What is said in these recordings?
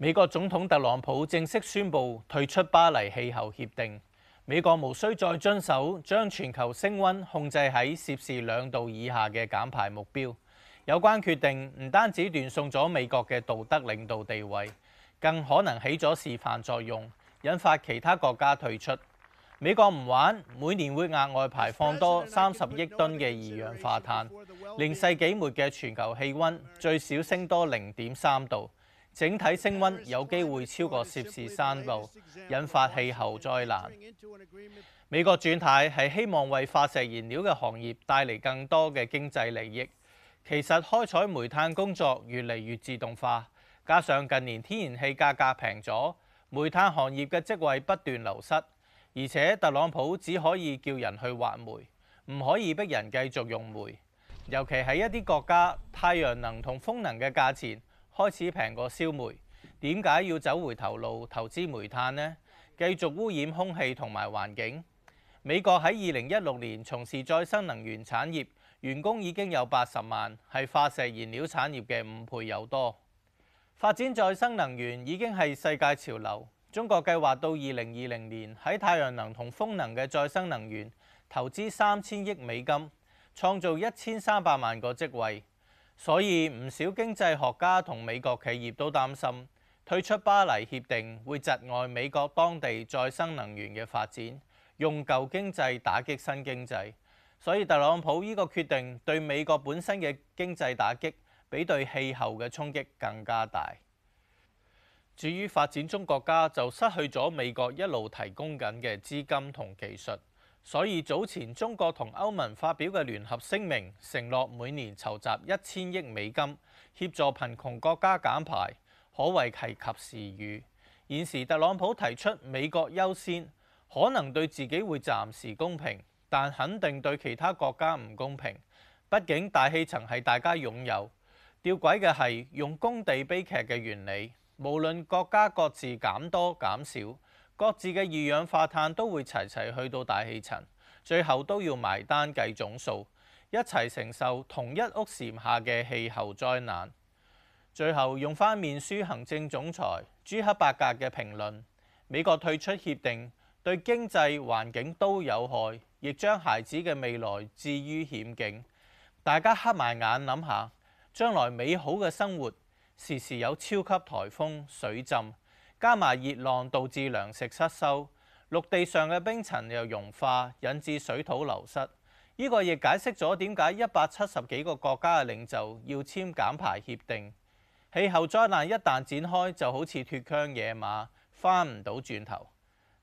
美國總統特朗普正式宣布退出巴黎氣候協定，美國無需再遵守將全球升温控制喺攝氏兩度以下嘅減排目標。有關決定唔單止斷送咗美國嘅道德領導地位，更可能起咗示範作用，引發其他國家退出。美國唔玩，每年會額外排放多三十億噸嘅二氧化碳，令世紀末嘅全球氣温最少升多零點三度。整體升溫有機會超過攝氏三度，引發氣候災難。美國轉態係希望為化石燃料嘅行業帶嚟更多嘅經濟利益。其實開採煤炭工作越嚟越自動化，加上近年天然氣價格平咗，煤炭行業嘅職位不斷流失。而且特朗普只可以叫人去挖煤，唔可以逼人繼續用煤。尤其係一啲國家，太陽能同風能嘅價錢開始平過燒煤，點解要走回頭路投資煤炭呢？繼續污染空氣同埋環境。美國喺二零一六年從事再生能源產業，員工已經有八十萬，係化石燃料產業嘅五倍有多。發展再生能源已經係世界潮流。中國計劃到二零二零年，喺太陽能同風能嘅再生能源投資三千億美金，創造一千三百萬個職位。所以唔少經濟學家同美國企業都擔心，退出巴黎協定會窒礙美國當地再生能源嘅發展，用舊經濟打擊新經濟。所以特朗普呢個決定對美國本身嘅經濟打擊，比對氣候嘅衝擊更加大。至於發展中國家就失去咗美國一路提供緊嘅資金同技術。所以早前中國同歐盟發表嘅聯合聲明，承諾每年籌集一千億美金協助貧窮國家減排，可謂係及時雨。現時特朗普提出美國優先，可能對自己會暫時公平，但肯定對其他國家唔公平。畢竟大氣層係大家擁有，吊詭嘅係用公地悲劇嘅原理，無論國家各自減多減少。各自嘅二氧化碳都會齊齊去到大氣層，最後都要埋單計總數，一齊承受同一屋檐下嘅氣候災難。最後用返面書行政總裁朱克伯格嘅評論：美國退出協定對經濟環境都有害，亦將孩子嘅未來置於險境。大家黑埋眼諗下，將來美好嘅生活時時有超級颱風、水浸。加埋熱浪導致糧食失收，陸地上嘅冰層又融化，引致水土流失。呢個亦解釋咗點解一百七十幾個國家嘅領袖要簽減排協定。氣候災難一旦展開，就好似脫韁野馬，翻唔到轉頭。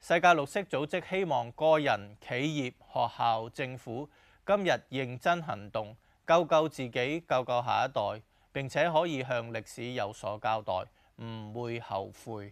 世界綠色組織希望個人、企業、學校、政府今日認真行動，救救自己，救救下一代，並且可以向歷史有所交代，唔會後悔。